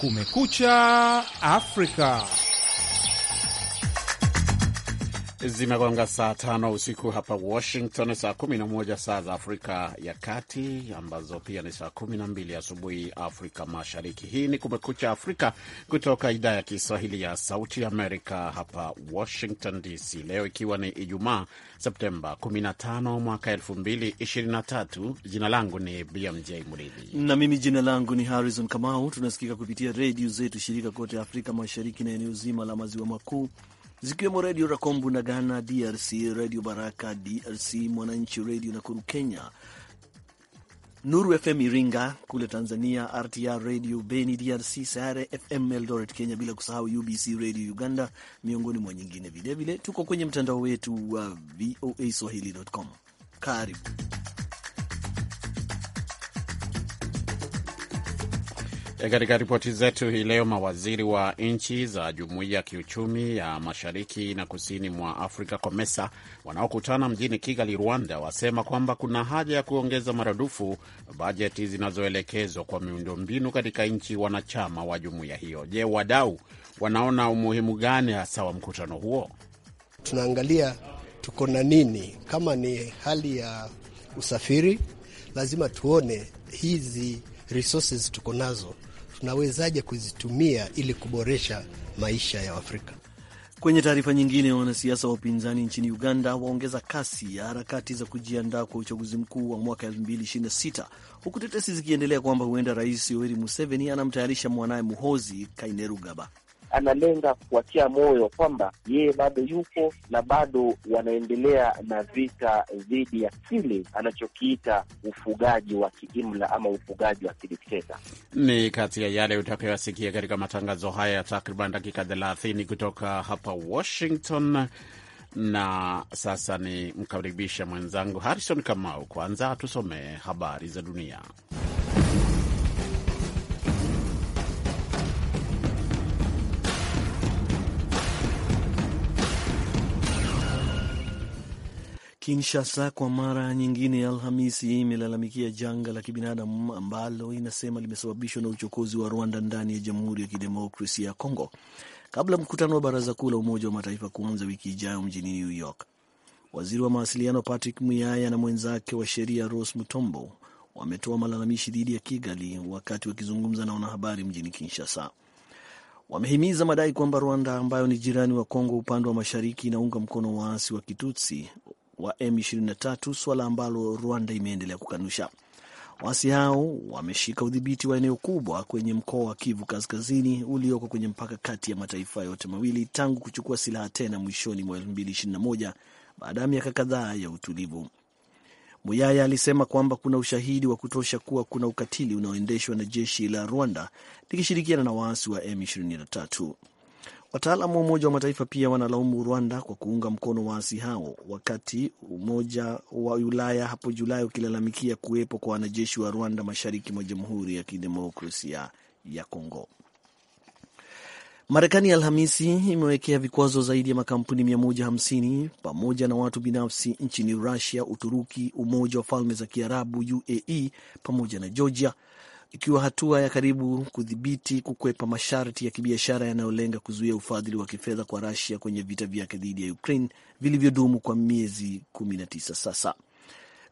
Kumekucha Afrika. Zimegonga saa tano usiku hapa Washington, saa kumi na moja saa za Afrika ya Kati, ambazo pia ni saa kumi na mbili asubuhi Afrika Mashariki. Hii ni Kumekucha Afrika kutoka idhaa ya Kiswahili ya Sauti Amerika hapa Washington DC, leo ikiwa ni Ijumaa Septemba 15 mwaka 2023. Jina langu ni BMJ Mridhi na mimi jina langu ni Harrison Kamau. Tunasikika kupitia redio zetu shirika kote Afrika Mashariki na eneo zima la Maziwa Makuu zikiwemo Redio Rakombu na Ghana DRC, Redio Baraka DRC, Mwananchi Redio Nakuru Kenya, Nuru FM Iringa kule Tanzania, RTR Radio Beni DRC, Sayare FM Eldoret Kenya, bila kusahau UBC Radio Uganda, miongoni mwa nyingine. Vilevile tuko kwenye mtandao wetu wa voa swahili.com. Karibu. Eh, katika ripoti zetu hii leo, mawaziri wa nchi za jumuiya ya kiuchumi ya mashariki na kusini mwa Afrika, COMESA, wanaokutana mjini Kigali, Rwanda, wasema kwamba kuna haja ya kuongeza maradufu bajeti zinazoelekezwa kwa miundombinu katika nchi wanachama wa jumuiya hiyo. Je, wadau wanaona umuhimu gani hasa wa mkutano huo? Tunaangalia tuko na nini, kama ni hali ya usafiri, lazima tuone hizi resources tuko nazo tunawezaje kuzitumia ili kuboresha maisha ya Afrika. Kwenye taarifa nyingine, wanasiasa wa upinzani nchini Uganda waongeza kasi ya harakati za kujiandaa kwa uchaguzi mkuu wa mwaka 2026 huku tetesi zikiendelea kwamba huenda Rais Yoweri Museveni anamtayarisha mwanaye Muhozi Kainerugaba analenga kuwatia moyo kwamba yeye bado yuko na bado wanaendelea na vita dhidi ya kile anachokiita ufugaji wa kiimla ama ufugaji wa kidikteta. Ni kati ya yale utakayoasikia katika matangazo haya ya takriban dakika thelathini kutoka hapa Washington. Na sasa ni mkaribisha mwenzangu Harrison Kamau, kwanza tusomee habari za dunia. Kinshasa kwa mara nyingine Alhamisi imelalamikia janga la kibinadamu ambalo inasema limesababishwa na uchokozi wa Rwanda ndani ya Jamhuri ya Kidemokrasia ya Kongo kabla mkutano wa Baraza Kuu la Umoja wa Mataifa kuanza wiki ijayo mjini New York. Waziri wa mawasiliano Patrick Muyaya na mwenzake wa sheria Rose Mutombo wametoa malalamishi dhidi ya Kigali wakati wakizungumza na wanahabari mjini Kinshasa. Wamehimiza madai kwamba Rwanda ambayo ni jirani wa Kongo upande wa mashariki inaunga mkono waasi wa Kitutsi wa M23, suala ambalo Rwanda imeendelea kukanusha. Waasi hao wameshika udhibiti wa eneo kubwa kwenye mkoa wa Kivu Kaskazini ulioko kwenye mpaka kati ya mataifa yote mawili tangu kuchukua silaha tena mwishoni mwa 2021 baada ya miaka kadhaa ya utulivu. Muyaya alisema kwamba kuna ushahidi wa kutosha kuwa kuna ukatili unaoendeshwa na jeshi la Rwanda likishirikiana na waasi wa M23. Wataalamu wa Umoja wa Mataifa pia wanalaumu Rwanda kwa kuunga mkono waasi hao, wakati Umoja wa Ulaya hapo Julai ukilalamikia kuwepo kwa wanajeshi wa Rwanda mashariki mwa Jamhuri ya Kidemokrasia ya Kongo. Marekani Alhamisi imewekea vikwazo zaidi ya makampuni 150 pamoja na watu binafsi nchini Rusia, Uturuki, Umoja wa Falme za Kiarabu UAE pamoja na Georgia ikiwa hatua ya karibu kudhibiti kukwepa masharti ya kibiashara yanayolenga kuzuia ufadhili wa kifedha kwa Russia kwenye vita vyake dhidi ya Ukraine vilivyodumu kwa miezi 19 sasa.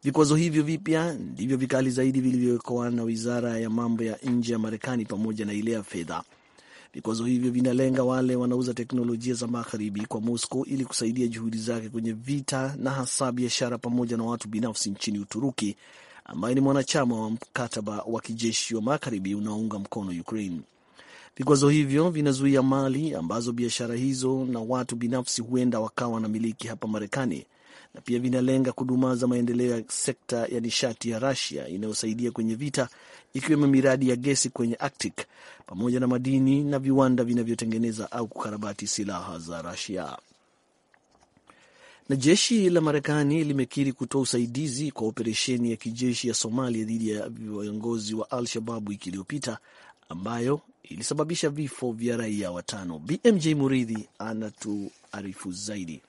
Vikwazo hivyo vipya ndivyo vikali zaidi vilivyowekwa na wizara ya mambo ya nje ya Marekani pamoja na ile ya fedha. Vikwazo hivyo vinalenga wale wanauza teknolojia za magharibi kwa Moscow ili kusaidia juhudi zake kwenye vita na hasa biashara pamoja na watu binafsi nchini Uturuki ambaye ni mwanachama wa mkataba wa kijeshi wa magharibi unaounga mkono Ukraine. Vikwazo hivyo vinazuia mali ambazo biashara hizo na watu binafsi huenda wakawa miliki hapa Marekani, na pia vinalenga kudumaza maendeleo ya sekta ya nishati ya rasia inayosaidia kwenye vita, ikiwemo miradi ya gesi kwenye Arctic pamoja na madini na viwanda vinavyotengeneza au kukarabati silaha za rasia na jeshi la Marekani limekiri kutoa usaidizi kwa operesheni ya kijeshi ya Somalia dhidi ya viongozi wa al shabab wiki iliyopita ambayo ilisababisha vifo vya raia watano. BMJ Muridhi anatuarifu zaidi.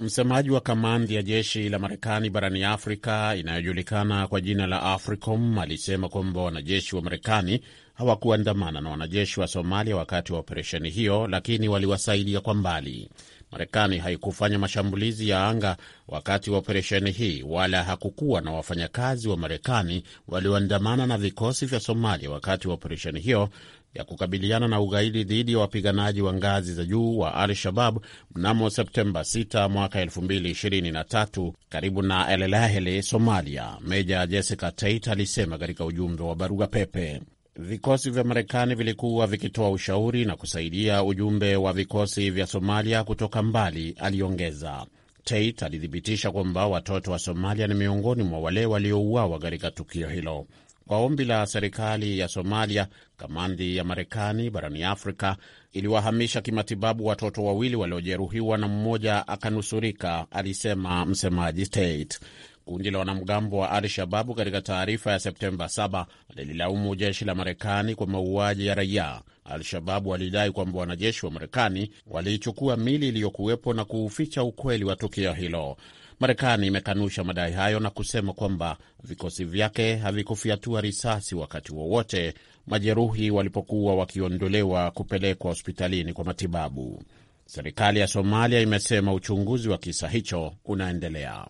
Msemaji wa kamandi ya jeshi la Marekani barani Afrika inayojulikana kwa jina la AFRICOM alisema kwamba wanajeshi wa Marekani hawakuandamana na wanajeshi wa Somalia wakati wa operesheni hiyo, lakini waliwasaidia kwa mbali. Marekani haikufanya mashambulizi ya anga wakati wa operesheni hii wala hakukuwa na wafanyakazi wa Marekani walioandamana na vikosi vya Somalia wakati wa operesheni hiyo ya kukabiliana na ugaidi dhidi ya wapiganaji wa ngazi za juu wa Al Shabab mnamo Septemba 6 mwaka 2023 karibu na El Somalia. Meja Jessica Tait alisema katika ujumbe wa barua pepe. Vikosi vya Marekani vilikuwa vikitoa ushauri na kusaidia ujumbe wa vikosi vya Somalia kutoka mbali, aliongeza. Tate alithibitisha kwamba watoto wa Somalia ni miongoni mwa wale waliouawa katika tukio hilo. Kwa ombi la serikali ya Somalia, kamandi ya Marekani barani Afrika iliwahamisha kimatibabu watoto wawili waliojeruhiwa na mmoja akanusurika, alisema msemaji Tate. Kundi la wanamgambo wa Al Shababu katika taarifa ya Septemba 7 lililaumu jeshi la Marekani kwa mauaji ya raia. Al-Shababu walidai kwamba wanajeshi wa Marekani waliichukua mili iliyokuwepo na kuuficha ukweli wa tukio hilo. Marekani imekanusha madai hayo na kusema kwamba vikosi vyake havikufyatua risasi wakati wowote majeruhi walipokuwa wakiondolewa kupelekwa hospitalini kwa matibabu. Serikali ya Somalia imesema uchunguzi wa kisa hicho unaendelea.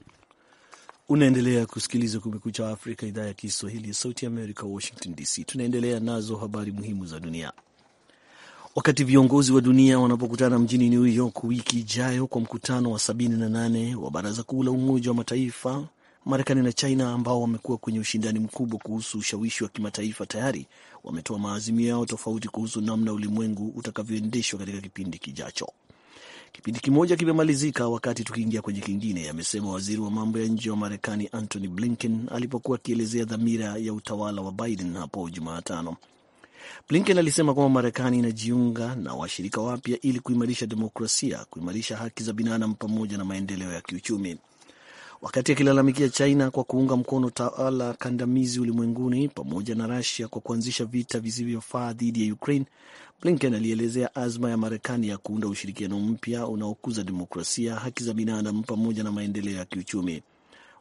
Unaendelea kusikiliza Kumekucha Afrika, idhaa ya Kiswahili ya Sauti Amerika, Washington DC. Tunaendelea nazo habari muhimu za dunia. Wakati viongozi wa dunia wanapokutana mjini New York wiki ijayo kwa mkutano wa 78 wa Baraza Kuu la Umoja wa Mataifa, Marekani na China ambao wamekuwa kwenye ushindani mkubwa kuhusu ushawishi wa kimataifa tayari wametoa maazimio yao tofauti kuhusu namna ulimwengu utakavyoendeshwa katika kipindi kijacho. Kipindi kimoja kimemalizika wakati tukiingia kwenye kingine, amesema waziri wa mambo ya nje wa Marekani Antony Blinken alipokuwa akielezea dhamira ya utawala wa Biden hapo Jumatano. Blinken alisema kwamba Marekani inajiunga na washirika wapya ili kuimarisha demokrasia, kuimarisha haki za binadamu pamoja na maendeleo ya kiuchumi wakati akilalamikia China kwa kuunga mkono utawala kandamizi ulimwenguni pamoja na Rusia kwa kuanzisha vita visivyofaa dhidi ya Ukraine. Blinken alielezea azma ya Marekani ya kuunda ushirikiano mpya unaokuza demokrasia, haki za binadamu pamoja na maendeleo ya kiuchumi.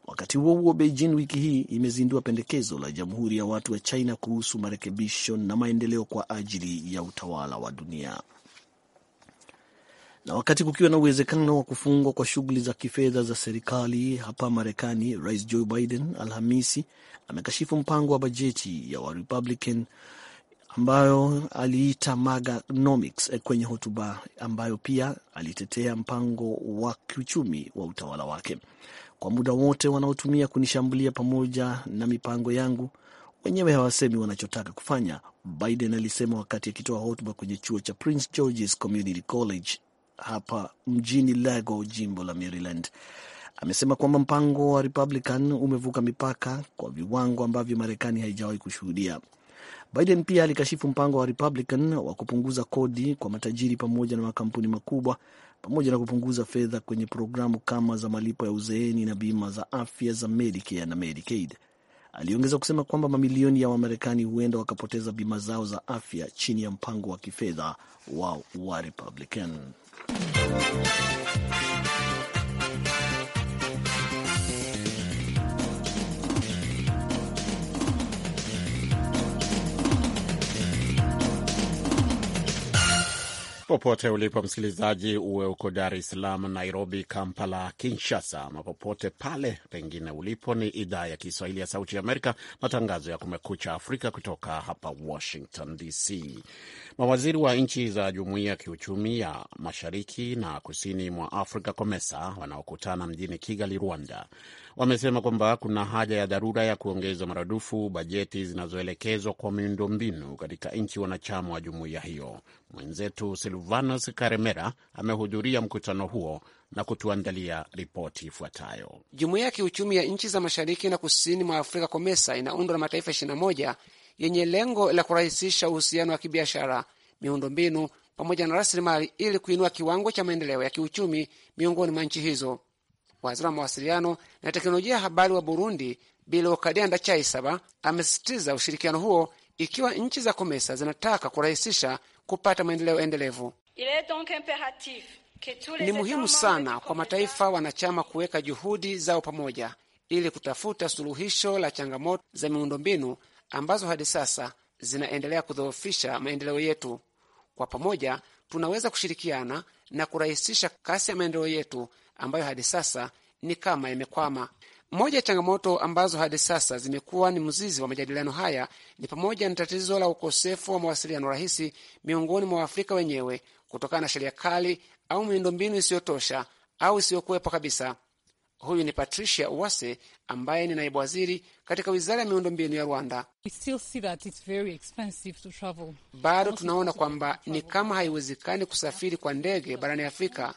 Wakati huo huo, Beijing wiki hii imezindua pendekezo la Jamhuri ya Watu wa China kuhusu marekebisho na maendeleo kwa ajili ya utawala wa dunia. Na wakati kukiwa na uwezekano wa kufungwa kwa shughuli za kifedha za serikali hapa Marekani, Rais Joe Biden Alhamisi amekashifu mpango wa bajeti ya Warepublican ambayo aliita Maganomics eh, kwenye hotuba ambayo pia alitetea mpango wa kiuchumi wa utawala wake. Kwa muda wote wanaotumia kunishambulia pamoja na mipango yangu wenyewe hawasemi wanachotaka kufanya, Biden alisema wakati akitoa hotuba kwenye chuo cha Prince George's Community College hapa mjini Lego, jimbo la Maryland. Amesema kwamba mpango wa Republican umevuka mipaka kwa viwango ambavyo Marekani haijawahi kushuhudia. Biden pia alikashifu mpango wa Republican wa kupunguza kodi kwa matajiri pamoja na makampuni makubwa pamoja na kupunguza fedha kwenye programu kama za malipo ya uzeeni na bima za afya za Medicare na Medicaid. Aliongeza kusema kwamba mamilioni ya Wamarekani huenda wakapoteza bima zao za afya chini ya mpango wa kifedha wa Warepublican. Popote ulipo msikilizaji, uwe uko Dar es Salaam, Nairobi, Kampala, Kinshasa ama popote pale pengine ulipo, ni idhaa ya Kiswahili ya Sauti ya Amerika, matangazo ya Kumekucha Afrika kutoka hapa Washington DC. Mawaziri wa nchi za jumuiya ya kiuchumi ya mashariki na kusini mwa Afrika, COMESA, wanaokutana mjini Kigali, Rwanda, wamesema kwamba kuna haja ya dharura ya kuongeza maradufu bajeti zinazoelekezwa kwa miundombinu katika nchi wanachama wa jumuiya hiyo. Mwenzetu Silvanos Karemera amehudhuria mkutano huo na kutuandalia ripoti ifuatayo. Jumuiya ya kiuchumi ya nchi za mashariki na kusini mwa Afrika, COMESA, inaundwa na mataifa yenye lengo la kurahisisha uhusiano wa kibiashara, miundombinu pamoja na rasilimali ili kuinua kiwango cha maendeleo ya kiuchumi miongoni mwa nchi hizo. Waziri wa mawasiliano na teknolojia ya habari wa Burundi Bilokadiya Ndacyayisaba amesisitiza ushirikiano huo ikiwa nchi za Komesa zinataka kurahisisha kupata maendeleo endelevu. Ni muhimu sana kwa mataifa wanachama kuweka juhudi zao pamoja ili kutafuta suluhisho la changamoto za miundombinu ambazo hadi sasa zinaendelea kudhoofisha maendeleo yetu. Kwa pamoja tunaweza kushirikiana na kurahisisha kasi ya maendeleo yetu ambayo hadi sasa ni kama yamekwama. Moja ya changamoto ambazo hadi sasa zimekuwa ni mzizi wa majadiliano haya ni pamoja na tatizo la ukosefu wa mawasiliano rahisi miongoni mwa Waafrika wenyewe kutokana na sheria kali au miundombinu isiyotosha au isiyokuwepo kabisa. Huyu ni Patricia Uwase ambaye ni naibu waziri katika wizara ya miundo mbinu ya Rwanda. Bado tunaona kwamba ni kama haiwezekani kusafiri kwa ndege barani Afrika.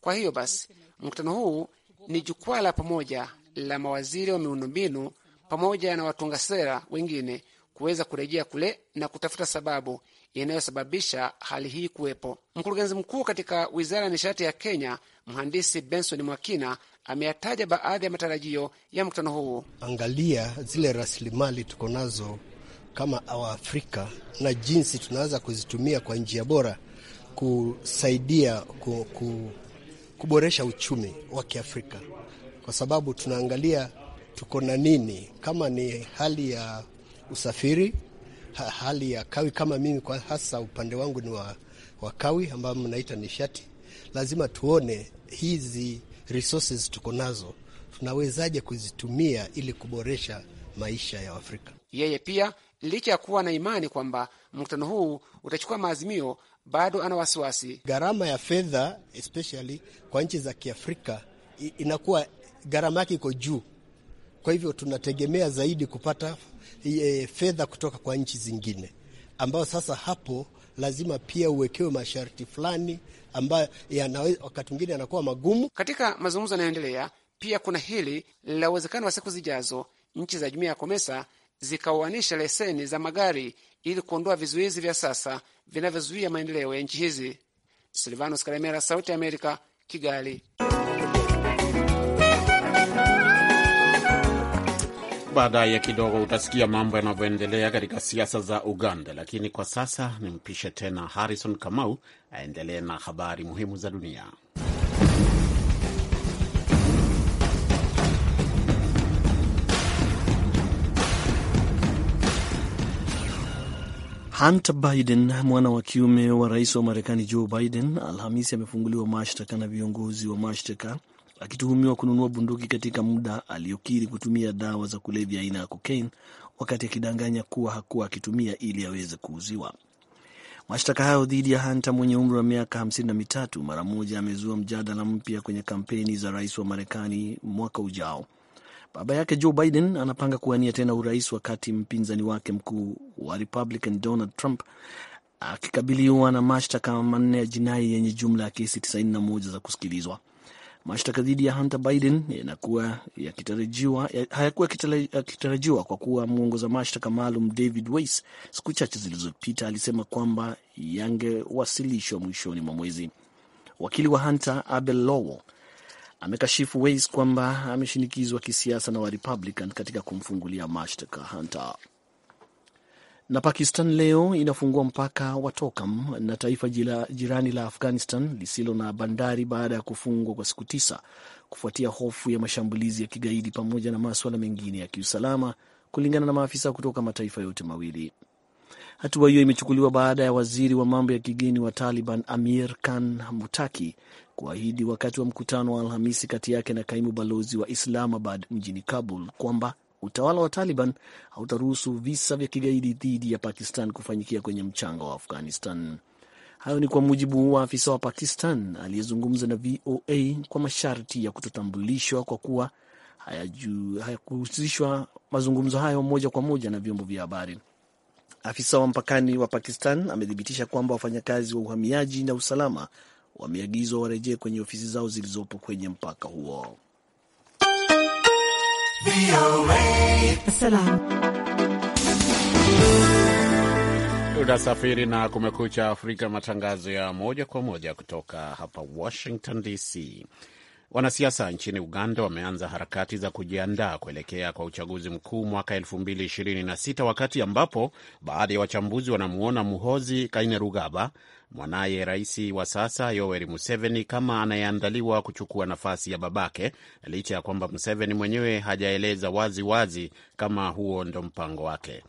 Kwa hiyo basi, mkutano huu ni jukwaa la pamoja la mawaziri wa miundombinu pamoja na watunga sera wengine kuweza kurejea kule na kutafuta sababu inayosababisha hali hii kuwepo. Mkurugenzi mkuu katika wizara ya nishati ya Kenya, mhandisi Benson Mwakina ameyataja baadhi ya matarajio ya mkutano huu. Angalia zile rasilimali tuko nazo kama Waafrika na jinsi tunaweza kuzitumia kwa njia bora kusaidia ku, ku, kuboresha uchumi wa Kiafrika, kwa sababu tunaangalia tuko na nini, kama ni hali ya usafiri ha, hali ya kawi. Kama mimi kwa hasa upande wangu ni wa, wa kawi ambayo mnaita nishati, lazima tuone hizi resources tuko nazo tunawezaje kuzitumia ili kuboresha maisha ya Waafrika. Yeye pia licha ya kuwa na imani kwamba mkutano huu utachukua maazimio, bado ana wasiwasi. Gharama ya fedha especially kwa nchi za Kiafrika inakuwa gharama yake iko juu, kwa hivyo tunategemea zaidi kupata e, fedha kutoka kwa nchi zingine, ambayo sasa hapo lazima pia uwekewe masharti fulani ambayo yanaweza wakati mwingine yanakuwa magumu. Katika mazungumzo yanayoendelea, pia kuna hili la uwezekano wa siku zijazo nchi za jumuiya ya Komesa zikaoanisha leseni za magari ili kuondoa vizuizi vya sasa vinavyozuia maendeleo ya nchi hizi. Silvanos Karemera, Sauti ya Amerika, Kigali. Baadaye kidogo utasikia mambo yanavyoendelea katika siasa za Uganda, lakini kwa sasa nimpishe tena Harrison Kamau aendelee na habari muhimu za dunia. Hunter Biden, mwana wa kiume wa rais wa Marekani Joe Biden, Alhamisi amefunguliwa mashtaka na viongozi wa mashtaka akituhumiwa kununua bunduki katika muda aliyokiri kutumia dawa za kulevya aina ya kokain, wakati akidanganya kuwa hakuwa akitumia ili aweze kuuziwa. Mashtaka hayo dhidi ya Hunter mwenye umri wa miaka hamsini na mitatu mara moja amezua mjadala mpya kwenye kampeni za rais wa Marekani mwaka ujao. Baba yake Joe Biden anapanga kuwania tena urais wakati mpinzani wake mkuu wa Republican Donald Trump akikabiliwa na mashtaka manne ya jinai yenye jumla ya kesi 91 za kusikilizwa. Mashtaka dhidi ya Hunter Biden yanakuwa yakitarajiwa hayakuwa yakitarajiwa kwa kuwa mwongoza mashtaka maalum David Weiss siku chache zilizopita alisema kwamba yangewasilishwa mwishoni mwa mwezi. Wakili wa Hunter Abel Lowell amekashifu Weiss kwamba ameshinikizwa kisiasa na Warepublican katika kumfungulia mashtaka Hunter. Na Pakistan leo inafungua mpaka wa Tokam na taifa jila, jirani la Afghanistan lisilo na bandari baada ya kufungwa kwa siku tisa kufuatia hofu ya mashambulizi ya kigaidi pamoja na maswala mengine ya kiusalama, kulingana na maafisa kutoka mataifa yote mawili. Hatua hiyo imechukuliwa baada ya waziri wa mambo ya kigeni wa Taliban Amir Khan Mutaki kuahidi wakati wa mkutano wa Alhamisi kati yake na kaimu balozi wa Islamabad mjini Kabul kwamba utawala wa Taliban hautaruhusu visa vya kigaidi dhidi ya Pakistan kufanyikia kwenye mchanga wa Afghanistan. Hayo ni kwa mujibu wa afisa wa Pakistan aliyezungumza na VOA kwa masharti ya kutotambulishwa kwa kuwa hayakuhusishwa mazungumzo hayo moja kwa moja na vyombo vya habari. Afisa wa mpakani wa Pakistan amethibitisha kwamba wafanyakazi wa uhamiaji na usalama wameagizwa warejee kwenye ofisi zao zilizopo kwenye mpaka huo unasafiri na Kumekucha Afrika, matangazo ya moja kwa moja kutoka hapa Washington DC. Wanasiasa nchini Uganda wameanza harakati za kujiandaa kuelekea kwa uchaguzi mkuu mwaka 2026 wakati ambapo baadhi ya wachambuzi wanamuona Muhozi Kainerugaba, mwanaye rais wa sasa Yoweri Museveni, kama anayeandaliwa kuchukua nafasi ya babake, licha ya kwamba Museveni mwenyewe hajaeleza wazi wazi kama huo ndo mpango wake.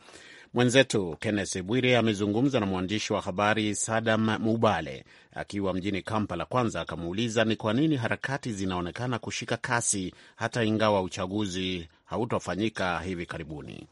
Mwenzetu Kenneth Bwire amezungumza na mwandishi wa habari Sadam Mubale akiwa mjini Kampala. Kwanza akamuuliza ni kwa nini harakati zinaonekana kushika kasi hata ingawa uchaguzi hautofanyika hivi karibuni.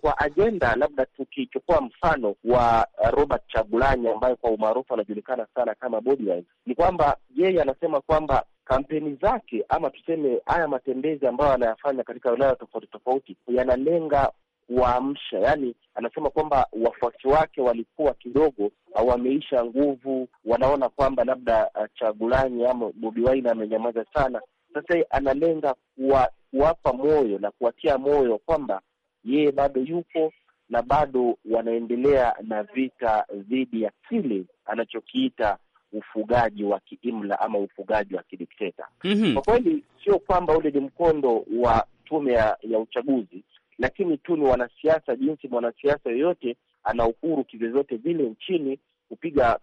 Kwa ajenda, labda tukichukua mfano wa Robert Chagulanyi ambaye kwa umaarufu anajulikana sana kama Bobi Wine, ni kwamba yeye anasema kwamba kampeni zake ama tuseme haya matembezi ambayo anayafanya katika wilaya tofauti tofauti yanalenga kuwaamsha. Yaani anasema kwamba wafuasi wake walikuwa kidogo wameisha nguvu, wanaona kwamba labda uh, Chagulani ama Bobi Wine amenyamaza sana. Sasa analenga kuwa, kuwapa moyo na kuwatia moyo kwamba yeye bado yupo na bado wanaendelea na vita dhidi ya kile anachokiita ufugaji wa kiimla ama ufugaji wa kidikteta. Mm -hmm. Kwa kweli sio kwamba ule ni mkondo wa tume ya, ya uchaguzi lakini tu ni wanasiasa, jinsi mwanasiasa yoyote ana uhuru kivyovyote vile nchini kupiga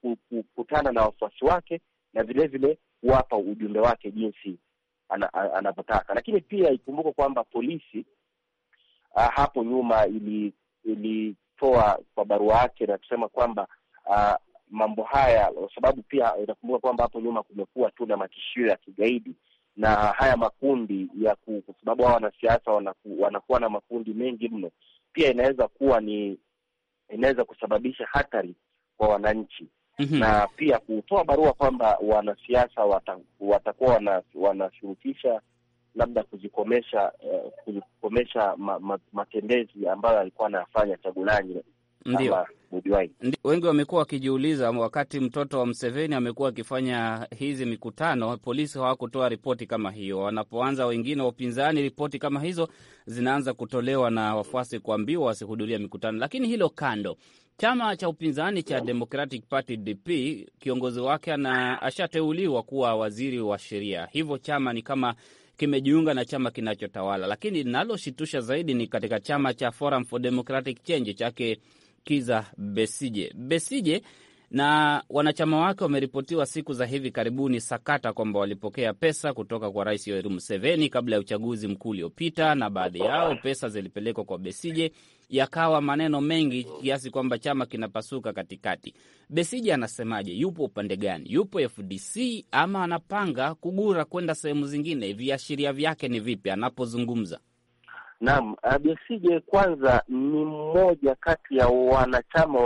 kukutana na wafuasi wake na vilevile kuwapa vile ujumbe wake jinsi anavyotaka ana, lakini pia ikumbuke kwamba polisi ah, hapo nyuma ili ilitoa kwa barua yake na kusema kwamba ah, mambo haya kwa sababu pia inakumbuka kwamba hapo nyuma kumekuwa tu na matishio ya kigaidi na haya makundi ya ku, kwa sababu hawa wanasiasa wanaku, wanakuwa na makundi mengi mno, pia inaweza kuwa ni inaweza kusababisha hatari kwa wananchi. Mm -hmm. Na pia kutoa barua kwamba wanasiasa wata, watakuwa wanashurutisha labda kuzikomesha uh, eh, kuzikomesha ma, ma, matembezi ambayo alikuwa anayafanya Chagulanyi. Ndio. Bobi Wengi wamekuwa wakijiuliza, wakati mtoto wa Mseveni amekuwa akifanya hizi mikutano, polisi hawakutoa ripoti kama hiyo. Wanapoanza wengine wa upinzani, ripoti kama hizo zinaanza kutolewa na wafuasi kuambiwa wasihudhuria mikutano. Lakini hilo kando, chama cha upinzani cha Democratic Party DP, kiongozi wake ana ashateuliwa kuwa waziri wa sheria, hivyo chama ni kama kimejiunga na chama kinachotawala. Lakini linaloshitusha zaidi ni katika chama cha Forum for Democratic Change chake Kiza Besije Besije na wanachama wake wameripotiwa siku za hivi karibuni sakata kwamba walipokea pesa kutoka kwa Rais Yoweri Museveni kabla ya uchaguzi mkuu uliopita, na baadhi yao pesa zilipelekwa kwa Besije. Yakawa maneno mengi kiasi kwamba chama kinapasuka katikati. Besije anasemaje? Yupo upande gani? Yupo FDC ama anapanga kugura kwenda sehemu zingine? Viashiria vyake ni vipi anapozungumza? Naam, Besigye kwanza ni mmoja kati ya wanachama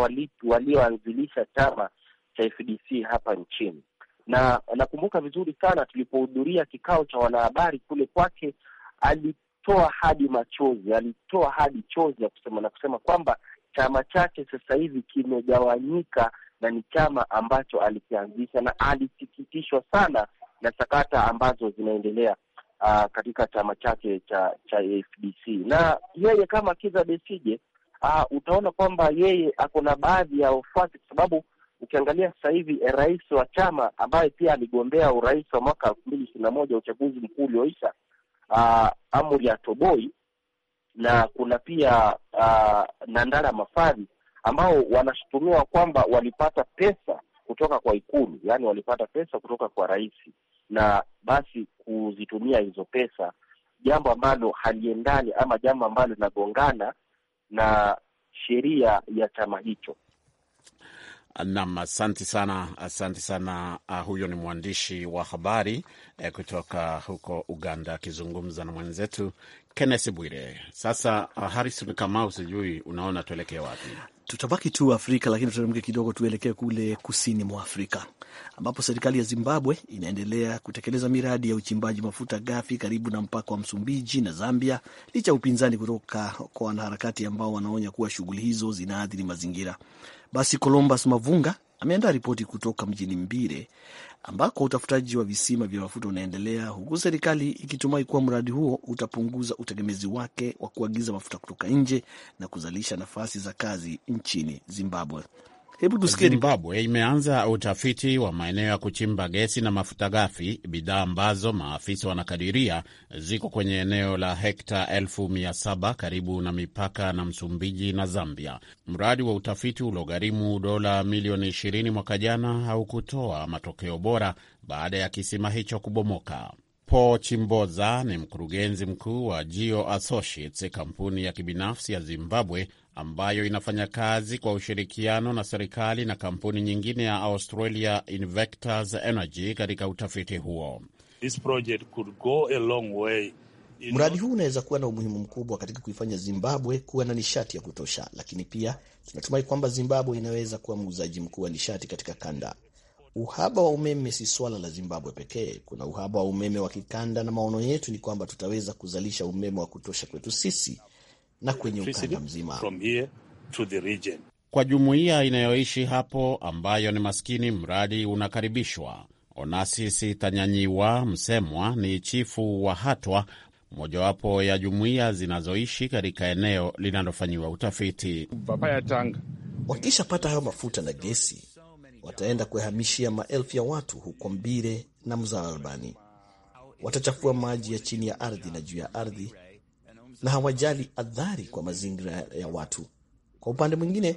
walioanzilisha chama cha FDC hapa nchini, na nakumbuka vizuri sana tulipohudhuria kikao cha wanahabari kule kwake, alitoa hadi machozi, alitoa hadi chozi ya kusema na kusema kwamba chama chake sasa hivi kimegawanyika na ni chama ambacho alikianzisha, na alisikitishwa sana na sakata ambazo zinaendelea uh, katika chama chake cha cha AFDC na yeye kama Kizza Besigye uh, utaona kwamba yeye ako na baadhi ya wafuasi, kwa sababu ukiangalia sasa hivi e, rais wa chama ambaye pia aligombea urais wa mwaka elfu mbili ishirini na moja uchaguzi mkuu ulioisha uh, ya Toboi na kuna pia uh, Nandala Mafadhi ambao wanashutumiwa kwamba walipata pesa kutoka kwa Ikulu, yaani walipata pesa kutoka kwa rais na basi kuzitumia hizo pesa, jambo ambalo haliendani ama jambo ambalo linagongana na sheria ya chama hicho. nam asante sana, asante sana. Uh, huyo ni mwandishi wa habari eh, kutoka huko Uganda akizungumza na mwenzetu Kenneth Bwire. Sasa uh, Harrison Kamau, sijui unaona tuelekee wapi? Tutabaki tu Afrika, lakini tuteremke kidogo, tuelekee kule kusini mwa Afrika ambapo serikali ya Zimbabwe inaendelea kutekeleza miradi ya uchimbaji mafuta ghafi karibu na mpaka wa Msumbiji na Zambia, licha ya upinzani kutoka kwa wanaharakati ambao wanaonya kuwa shughuli hizo zinaathiri mazingira. Basi Columbus Mavunga ameandaa ripoti kutoka mjini Mbire ambako utafutaji wa visima vya mafuta unaendelea huku serikali ikitumai kuwa mradi huo utapunguza utegemezi wake wa kuagiza mafuta kutoka nje na kuzalisha nafasi za kazi nchini Zimbabwe. Hebu tusikie. Zimbabwe imeanza utafiti wa maeneo ya kuchimba gesi na mafuta ghafi, bidhaa ambazo maafisa wanakadiria ziko kwenye eneo la hekta elfu mia saba karibu na mipaka na Msumbiji na Zambia. Mradi wa utafiti uliogharimu dola milioni 20 mwaka jana haukutoa matokeo bora baada ya kisima hicho kubomoka. po Chimboza ni mkurugenzi mkuu wa Geo Associates, kampuni ya kibinafsi ya Zimbabwe ambayo inafanya kazi kwa ushirikiano na serikali na kampuni nyingine ya Australia Invectors Energy katika utafiti huo. This project could go a long way. Mradi huu unaweza kuwa na umuhimu mkubwa katika kuifanya Zimbabwe kuwa na nishati ya kutosha, lakini pia tunatumai kwamba Zimbabwe inaweza kuwa muuzaji mkuu wa nishati katika kanda. Uhaba wa umeme si swala la Zimbabwe pekee. Kuna uhaba wa umeme wa kikanda, na maono yetu ni kwamba tutaweza kuzalisha umeme wa kutosha kwetu sisi na kwenye ukanda mzima. Kwa jumuiya inayoishi hapo ambayo ni maskini, mradi unakaribishwa. Onasis Tanyanyiwa Msemwa ni chifu wa Hatwa, mojawapo ya jumuiya zinazoishi katika eneo linalofanyiwa utafiti. Wakishapata hayo mafuta na gesi, wataenda kuyahamishia maelfu ya watu huko Mbire na Mzarabani. Watachafua maji ya chini ya ardhi na juu ya ardhi na hawajali athari kwa mazingira ya watu. Kwa upande mwingine,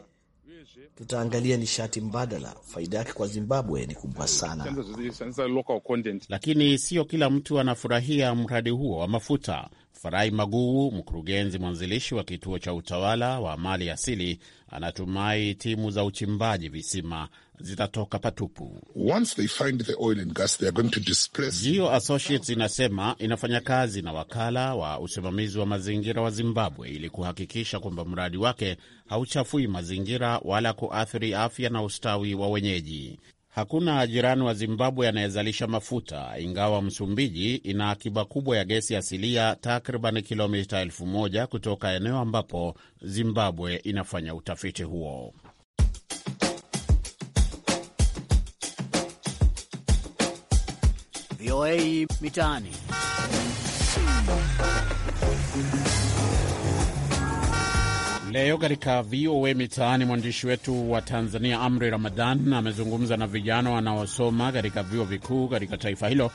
tutaangalia nishati mbadala. Faida yake kwa Zimbabwe ni kubwa sana, lakini sio kila mtu anafurahia mradi huo wa mafuta. Farai Magugu, mkurugenzi mwanzilishi wa kituo cha utawala wa mali asili, anatumai timu za uchimbaji visima zitatoka patupu. Geo Associates inasema inafanya kazi na wakala wa usimamizi wa mazingira wa Zimbabwe ili kuhakikisha kwamba mradi wake hauchafui mazingira wala kuathiri afya na ustawi wa wenyeji. Hakuna jirani wa Zimbabwe anayezalisha mafuta, ingawa Msumbiji ina akiba kubwa ya gesi asilia takriban kilomita elfu moja kutoka eneo ambapo Zimbabwe inafanya utafiti huo. VOA Mitaani. Leo katika VOA Mitaani, mwandishi wetu wa Tanzania Amri Ramadhan amezungumza na vijana wanaosoma katika vyuo vikuu katika taifa hilo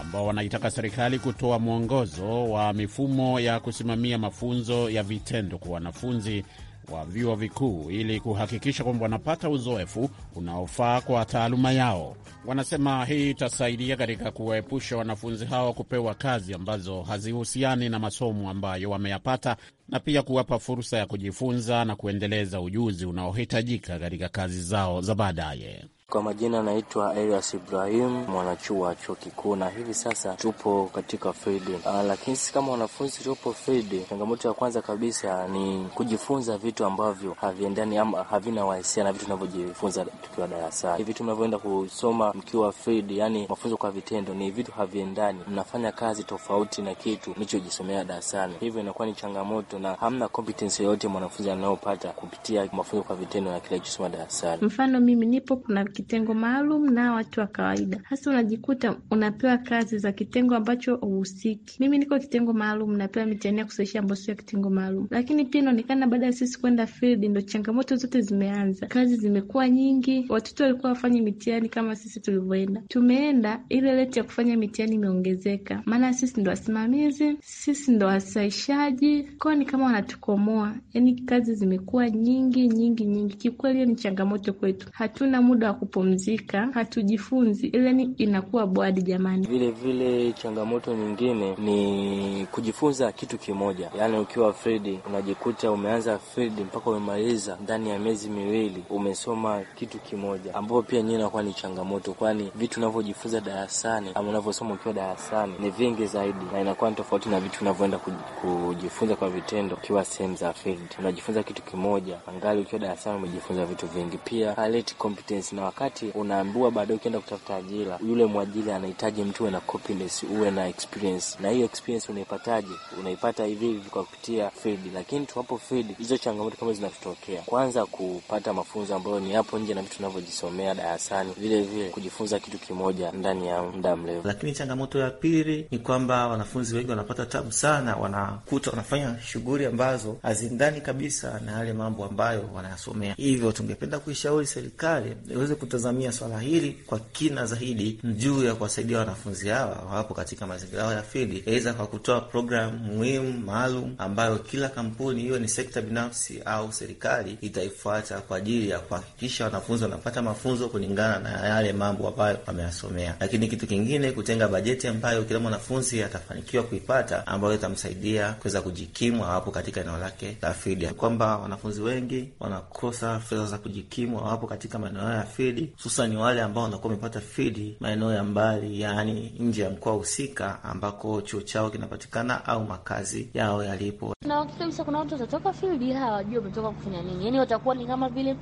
ambao wanaitaka serikali kutoa mwongozo wa mifumo ya kusimamia mafunzo ya vitendo kwa wanafunzi wa vyuo vikuu ili kuhakikisha kwamba wanapata uzoefu unaofaa kwa taaluma yao. Wanasema hii itasaidia katika kuwaepusha wanafunzi hao kupewa kazi ambazo hazihusiani na masomo ambayo wameyapata na pia kuwapa fursa ya kujifunza na kuendeleza ujuzi unaohitajika katika kazi zao za baadaye. Kwa majina anaitwa Elias Ibrahim, mwanachuo wa chuo kikuu, na hivi sasa tupo katika field. Ah, lakini sisi kama wanafunzi tupo field, changamoto ya kwanza kabisa ni kujifunza vitu ambavyo haviendani ama havina wahisia na vitu tunavyojifunza tukiwa darasani. Hivi tunavyoenda kusoma mkiwa field, yani mafunzo kwa vitendo, ni vitu haviendani, mnafanya kazi tofauti na kitu mlichojisomea darasani, hivyo inakuwa ni changamoto watoto na hamna competence yoyote mwanafunzi anayopata kupitia mafunzo kwa vitendo na kile kisoma darasani. Mfano mimi nipo, kuna kitengo maalum na watu wa kawaida. Hasa unajikuta unapewa kazi za kitengo ambacho uhusiki. Mimi niko kitengo maalum, napewa mitihani ya kusaisha ambayo sio kitengo maalum, lakini pia inaonekana baada ya sisi kwenda field ndo changamoto zote zimeanza. Kazi zimekuwa nyingi, watoto walikuwa wafanye mitihani kama sisi tulivyoenda. Tumeenda ile leti ya kufanya mitihani imeongezeka, maana sisi ndo wasimamizi, sisi ndo wasaishaji ni kama wanatukomoa, yaani kazi zimekuwa nyingi nyingi nyingi. Kikweli hiyo ni changamoto kwetu, hatuna muda wa kupumzika, hatujifunzi, ni inakuwa bwadi jamani. Vile vile changamoto nyingine ni kujifunza kitu kimoja, yaani ukiwa Fredi unajikuta umeanza Fredi mpaka umemaliza ndani ya miezi miwili umesoma kitu kimoja, ambapo pia nyiwe inakuwa ni changamoto, kwani vitu unavyojifunza darasani ama unavyosoma ukiwa darasani ni vingi zaidi na inakuwa ni tofauti na vitu unavyoenda kujifunza kwa vitendo vitendo ukiwa sehemu za field. Unajifunza kitu kimoja, angali ukiwa darasani umejifunza vitu vingi, pia haleti competence. Na wakati unaambiwa baadaye ukienda kutafuta ajira, yule mwajiri anahitaji mtu uwe na competence, uwe na experience. Na hiyo experience unaipataje? Unaipata hivi hivi kwa kupitia field, lakini tuwapo field, hizo changamoto kama zinatutokea, kwanza kupata mafunzo ambayo ni hapo nje na vitu tunavyojisomea darasani, vile vile kujifunza kitu kimoja ndani ya muda mrefu. Lakini changamoto ya pili ni kwamba wanafunzi wengi wanapata tabu sana, wanakuta wanafanya shughuli shughuli ambazo hazindani kabisa na yale mambo ambayo wanayasomea. Hivyo tungependa kuishauri serikali iweze kutazamia swala hili kwa kina zaidi juu ya kuwasaidia wanafunzi hawa wapo katika mazingira yao ya fidi, aidha kwa kutoa programu muhimu maalum ambayo kila kampuni hiyo ni sekta binafsi au serikali itaifuata kwa ajili ya kuhakikisha wanafunzi wanapata mafunzo kulingana na yale mambo ambayo wameyasomea. Lakini kitu kingine, kutenga bajeti ambayo kila mwanafunzi atafanikiwa kuipata ambayo itamsaidia kuweza kujikimu hawapo katika eneo lake la field, kwamba wanafunzi wengi wanakosa fedha za kujikimu, hawapo katika maeneo ya field, ni wale ambao wanakuwa wamepata field maeneo ya mbali, yaani nje ya mkoa husika ambako chuo chao kinapatikana au makazi yao yalipo. Na kabisa kuna watu watatoka field hawajui wametoka kufanya nini, yaani watakuwa ni kama vile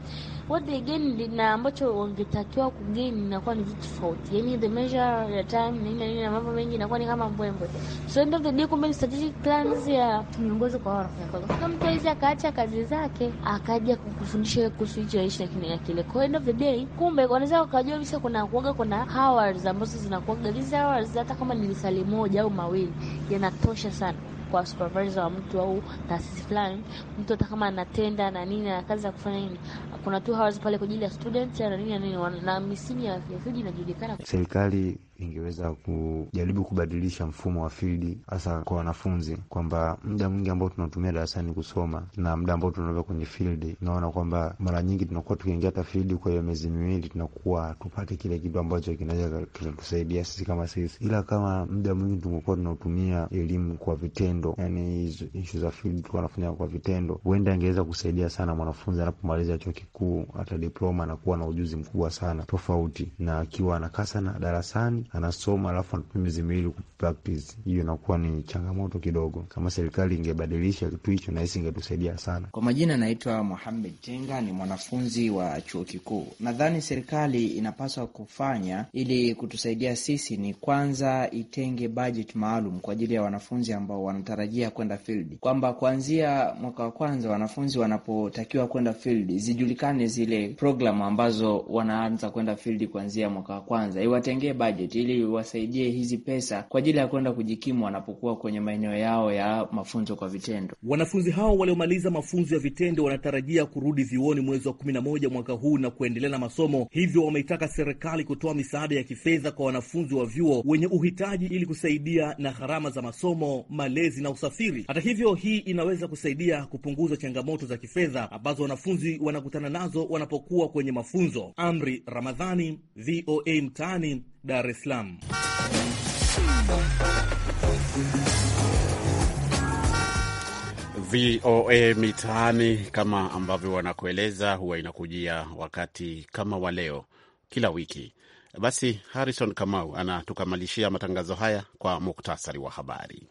what they gain na ambacho wangetakiwa kugain inakuwa ni vitu tofauti, yaani the measure ya time na nini na mambo mengi inakuwa ni kama mbwembwe. So end of the day, kumbe strategic plans ya miongozo kwa rafiki yako. Kuna mtu aweza akaacha kazi zake akaja kukufundisha kuhusu hicho aishi na kile na kile. Kwa end of the day, kumbe wanaweza wakajua kabisa kuna kuoga, kuna hours ambazo zinakuoga hizo hours, hata kama ni lisali moja au mawili yanatosha sana kwa supervisor wa mtu au taasisi fulani. Mtu hata kama anatenda na nini na kazi za kufanya nini, kuna two hours pale kwa ajili ya students na nini na nini, na misimu ya refuge inajulikana serikali ingeweza kujaribu kubadilisha mfumo wa fildi hasa kwa wanafunzi, kwamba muda mwingi ambao tunatumia darasani kusoma na muda ambao tunaa kwenye fildi, tunaona kwamba mara nyingi tunakuwa tukiingia hata fildi kwa hiyo miezi miwili, tunakuwa tupate kile kitu ambacho kinaweza kitatusaidia sisi kama sisi, ila kama muda mwingi tungekuwa tunatumia elimu kwa vitendo, yani ishu za fildi tu wanafanya kwa vitendo, huenda angeweza kusaidia sana mwanafunzi anapomaliza chuo kikuu hata diploma, anakuwa na ujuzi mkubwa sana tofauti na akiwa anakaa sana darasani anasoma, alafu anatumia miezi miwili kupractice. Hiyo inakuwa ni changamoto kidogo. Kama serikali ingebadilisha kitu hicho, nahisi ingetusaidia sana. Kwa majina, anaitwa Mohamed Tenga, ni mwanafunzi wa chuo kikuu. Nadhani serikali inapaswa kufanya ili kutusaidia sisi ni kwanza itenge bajeti maalum kwa ajili ya wanafunzi ambao wanatarajia kwenda field, kwamba kuanzia mwaka wa kwanza wanafunzi wanapotakiwa kwenda field zijulikane zile programu ambazo wanaanza kwenda field kuanzia mwaka wa kwanza, iwatengee budget nchi ili wasaidie hizi pesa kwa ajili ya kwenda kujikimu wanapokuwa kwenye maeneo yao ya mafunzo kwa vitendo. Wanafunzi hao waliomaliza mafunzo ya vitendo wanatarajia kurudi vioni mwezi wa kumi na moja mwaka huu na kuendelea na masomo, hivyo wameitaka serikali kutoa misaada ya kifedha kwa wanafunzi wa vyuo wenye uhitaji ili kusaidia na gharama za masomo, malezi na usafiri. Hata hivyo, hii inaweza kusaidia kupunguza changamoto za kifedha ambazo wanafunzi wanakutana nazo wanapokuwa kwenye mafunzo. Amri Ramadhani, VOA Mtaani, Dar es Salaam. VOA Mitaani, kama ambavyo wanakueleza, huwa inakujia wakati kama wa leo kila wiki. Basi Harrison Kamau anatukamalishia matangazo haya kwa muktasari wa habari.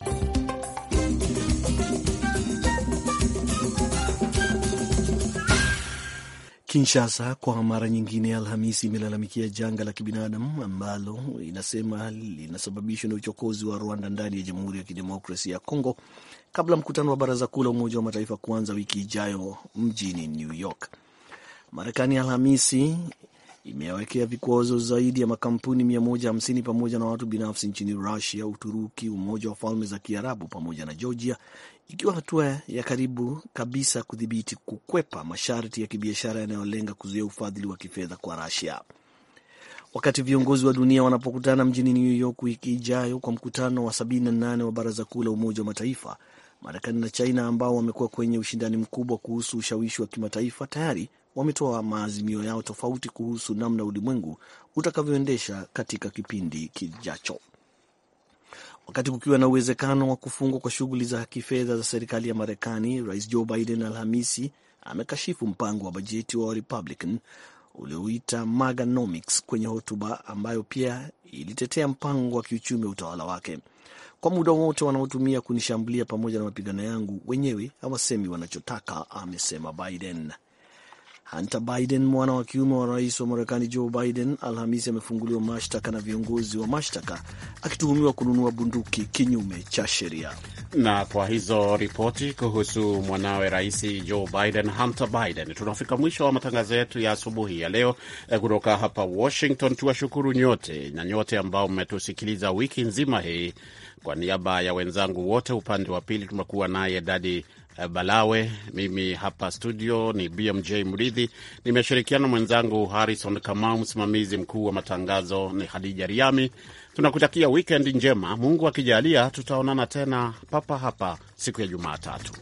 Kinshasa kwa mara nyingine Alhamisi imelalamikia janga la kibinadamu ambalo inasema linasababishwa na uchokozi wa Rwanda ndani ya Jamhuri ya Kidemokrasia ya Kongo kabla mkutano wa Baraza Kuu la Umoja wa Mataifa kuanza wiki ijayo mjini New York. Marekani Alhamisi imewekea vikwazo zaidi ya makampuni 150 pamoja na watu binafsi nchini Rusia, Uturuki, Umoja wa Falme za Kiarabu pamoja na Georgia ikiwa hatua ya karibu kabisa kudhibiti kukwepa masharti ya kibiashara yanayolenga kuzuia ufadhili wa kifedha kwa rasia Wakati viongozi wa dunia wanapokutana mjini New York wiki ijayo kwa mkutano wa 78 wa Baraza Kuu la Umoja wa Mataifa, Marekani na China ambao wamekuwa kwenye ushindani mkubwa kuhusu ushawishi wa kimataifa tayari wametoa maazimio yao tofauti kuhusu namna ulimwengu utakavyoendesha katika kipindi kijacho. Wakati kukiwa na uwezekano wa kufungwa kwa shughuli za kifedha za serikali ya Marekani, Rais Joe Biden Alhamisi amekashifu mpango wa bajeti wa Republican ulioita Maganomics kwenye hotuba ambayo pia ilitetea mpango wa kiuchumi wa utawala wake. Kwa muda wote wanaotumia kunishambulia pamoja na mapigano yangu wenyewe hawasemi wanachotaka, amesema Biden. Hunter Biden, mwana wa kiume wa rais wa Marekani Joe Biden, Alhamisi amefunguliwa mashtaka na viongozi wa mashtaka akituhumiwa kununua bunduki kinyume cha sheria. Na kwa hizo ripoti kuhusu mwanawe rais Joe Biden, Hunter Biden, tunafika mwisho wa matangazo yetu ya asubuhi ya leo eh, kutoka hapa Washington. Tuwashukuru nyote na nyote ambao mmetusikiliza wiki nzima hii. Kwa niaba ya wenzangu wote upande wa pili tumekuwa naye Dadi Eh, Balawe. Mimi hapa studio ni BMJ Mridhi, nimeshirikiana mwenzangu Harrison Kamau, msimamizi mkuu wa matangazo ni Hadija Riami. Tunakutakia wikendi njema, Mungu akijalia, tutaonana tena papa hapa siku ya Jumatatu.